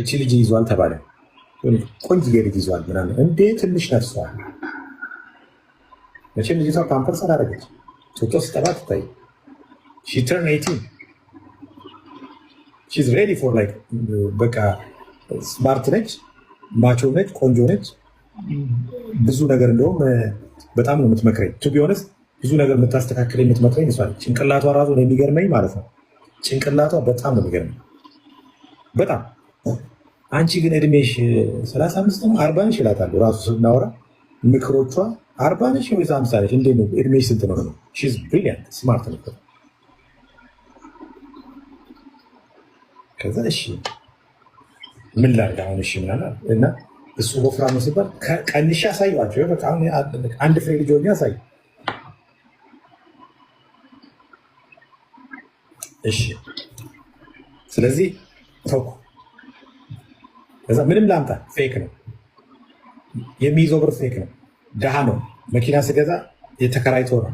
እቺ ልጅ ይዟል ተባለ። ቆንጆ ልጅ ይዟል ምናምን እንዴ ትንሽ ነፍሷል። መቼም ልጅቷ ፓምፐርስ አላደረገች። ጡጦ ስጠባ ትታይ። ሺ ሺ ሬዲ ፎር በቃ ስማርት ነች፣ ማቾ ነች፣ ቆንጆ ነች። ብዙ ነገር እንደውም በጣም ነው የምትመክረኝ። ቱ ቢሆነስ ብዙ ነገር የምታስተካክል የምትመክረኝ እሷ ጭንቅላቷ ራሱ ነው የሚገርመኝ ማለት ነው። ጭንቅላቷ በጣም ነው የሚገርመኝ በጣም አንቺ ግን እድሜሽ ሰላሳ አምስት ነው አርባ ነሽ ይላታሉ። ራሱ ስናወራ ምክሮቿ አርባ ነሽ ወይ ሃምሳ ነሽ እንዴ ነው እድሜሽ ስንት ነው ነው? ሺዝ ብሪሊያንት ስማርት ነበር። ከዛ እሺ ምን ላድርግ አሁን እሺ ምናምን እና እሱ ወፍራም ነው ሲባል ቀንሽ ያሳዩቸው አንድ ፍሬ ልጅ ሆኜ ያሳዩ። እሺ ስለዚህ ተውኩ። ከዛ ምንም ላምጣ ፌክ ነው የሚይዘው ብር ፌክ ነው። ድሃ ነው። መኪና ስገዛ የተከራይቶ ነው።